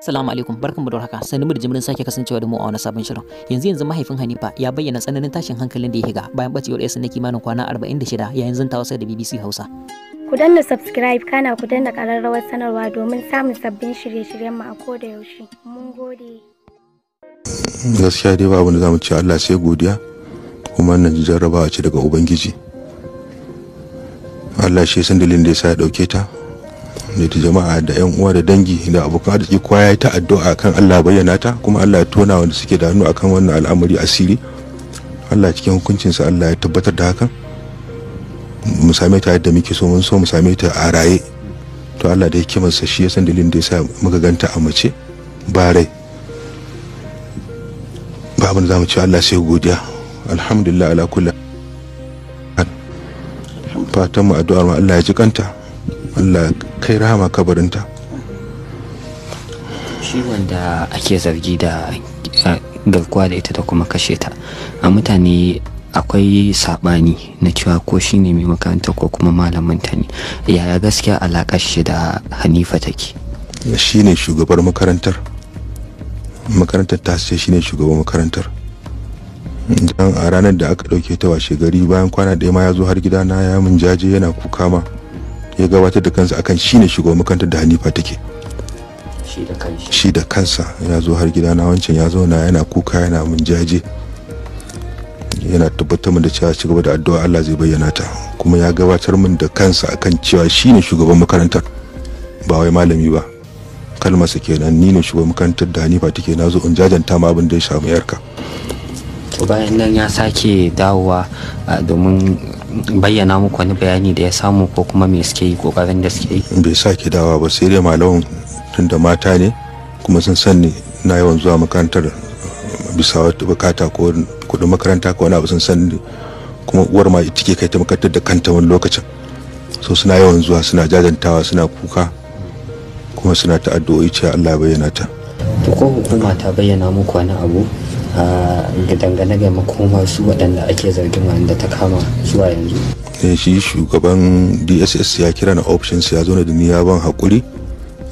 Salamu alaikum barkanmu da warhaka sanin mu da jimirin sake kasancewa da mu a wani sabon shirin yanzu yanzu mahaifin Hanifa ya bayyana tsananin tashin hankalin da ya higa bayan bacewar yasa na kimanin kwana 46 yayin zantawa wasa da BBC Hausa ku danna subscribe kana ku danna kararrawar sanarwa domin samun sabbin shirye-shiryen mu a koda yaushe mun gode gaskiya dai ba abin da zamu ci Allah sai godiya kuma nan jarrabawa ce daga ubangiji Allah shi san dalilin da yasa ya dauke ta mai jama'a da yan uwa da dangi da abokan arziki kowa ya ta addu'a kan Allah bayyana ta kuma Allah ya tona wanda suke da hannu akan wannan al'amari asiri Allah cikin sa Allah ya tabbatar da hakan mu same ta yadda muke so mun so mu same ta a raye to Allah da masa shi ya san dalilin da ya sa muka ganta a mace ba rai ba mun za mu ci Allah sai godiya alhamdulillah ala kulli fatan mu addu'ar mu Allah ya ji kanta Allah kai rahama kabarinta shi wanda ake zargi da eh, garkuwa da ita da kuma kashe ta a mutane akwai sabani na cewa ko shi ne mai makaranta ko kuma malamanta ne yaya gaskiya alaƙar shi da hanifa take shi ne shugabar makarantar makarantar ta sai shi ne shugabar makarantar a ranar da aka ɗauke ta washe gari bayan kwana ɗaya ma ya zo har gidana ya min jaje yana kuka ma ya gabatar da kansa akan shine shugaban makarantar da hanifa take shi da kansa ya zo har gida na wancan ya zauna yana kuka yana mun jaje yana tabbatar min da cewa ci gaba da addu'a Allah zai bayyana ta kuma ya gabatar min da kansa akan cewa shine shugaban makarantar ba wai malami ba kalmarsa kenan ni ne shugaban makarantar da hanifa take na zo in jajanta ma abin da ya samu yarka bayan nan ya sake dawowa domin bayyana muku wani bayani da ya samu ko kuma me suke yi kokarin da suke yi bai sake dawa ba sai dai malamin da mata ne kuma sun sani na yawan zuwa makarantar bisa wata bukata ko kudin makaranta ko wani abu sun sani kuma uwar ma ita ke kai ta makarantar da kanta wani lokacin so suna yawan zuwa suna jajantawa suna kuka kuma suna ta addu'o'i cewa Allah bayyana ta to ko hukuma ta bayyana muku wani abu dangane ga makoma su waɗanda ake zargin wanda ta kama zuwa yanzu eh shi shugaban dss ya kira na options ya zo na duniya ban hakuri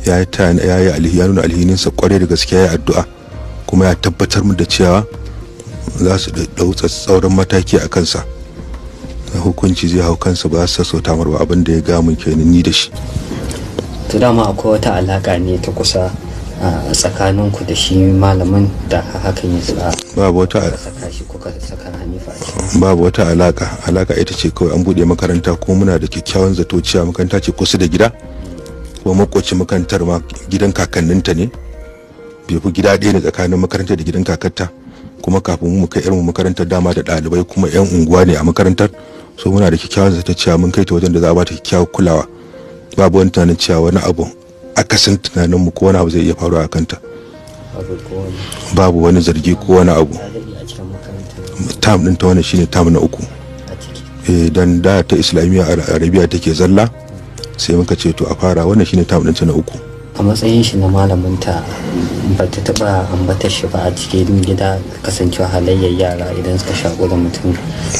ya yi ya nuna alhininsa kwarai da gaskiya ya addu'a kuma ya tabbatar mu da cewa za su ɗau tsauran mataki a kansa hukunci zai hau kansa ba su so tamar ba abin da ya gamu kenan ni da shi to dama akwai wata alaka ne ta kusa a ku da shi malamin da hakan ya sa babu wata saka shi babu wata alaka alaka ita ce kawai an bude makaranta ko muna da kyakkyawan zato cewa makaranta ce kusa da gida ko makocin makarantar ma gidan kakanninta ne bai fi gida ɗaya ne tsakanin makaranta da gidan kakarta kuma kafin mu kai irin makarantar dama da ɗalibai kuma 'yan unguwa ne a makarantar so muna da kyakkyawan zato cewa mun kai ta wajen da za a ba ta kyakkyawan kulawa babu wani tunanin cewa wani abu akasin tunaninmu ko wani abu zai iya faruwa a kanta babu wani zargi ko wani abu tam ɗin ta wani shine tam na uku eh, dan da ta islamiyya arabiya take zalla sai muka ce to a fara wannan shine tam ɗin ta na uku a matsayin shi na malamin ta ba ta taba ambata shi ba a cikin gida kasancewa halayyar yara idan suka shaƙo da mutum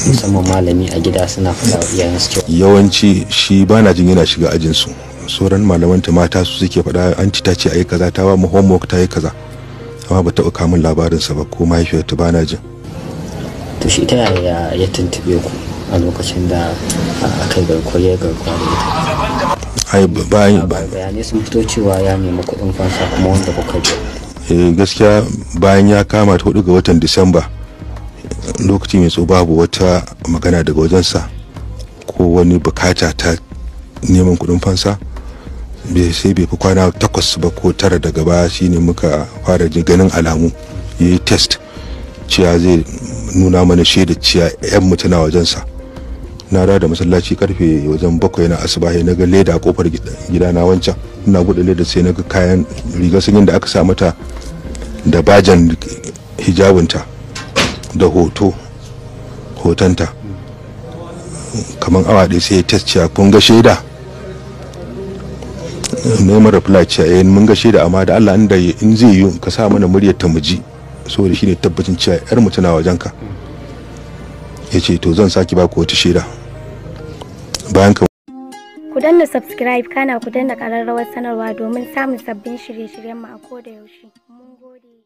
musamman malami a gida suna faɗa iyayensu yawanci shi ba na jin yana shiga ajin su. sauran malaman ta mata su suke faɗa an ci ta ce ayi kaza ta ba mu homework ta yi kaza amma ba uka min labarin sa ba ko mahaifiyar ta bana jin to shi ta yaya ya tuntube ku a lokacin da aka garkuwa ya garkuwa da ita ai bayan bayanai sun fito cewa ya nemi kuɗin fansa kuma wanda kuka je eh, gaskiya bayan ya kama ta hudu ga watan disamba lokaci mai tso babu wata magana daga wajensa ko wani bukata ta neman kudin fansa bai sai bai fi kwana takwas ba ko tara daga baya shine muka fara ganin alamu ya yi test ciya zai nuna mana shaida ciya yan mutu na wajensa na da masallaci karfe wajen bakwai na asibahi na ga leda a kofar gida na wancan ina buɗe leda sai na ga kayan rigar sanyin da aka sa mata da bajan hijabinta da hoto hotonta kamar awa ɗaya sai ya test ciya kun ga shaida ne mara reply cewa yayin mun gashe da amma da Allah inda in zai yi ka sa mana muryar ta muji saboda shine tabbacin cewa yar mu tana wajen ka yace to zan saki ba ku wata shaida bayan ka ku danna subscribe kana ku danna kararrawar sanarwa domin samun sabbin shirye-shiryen mu a koda yaushe mun gode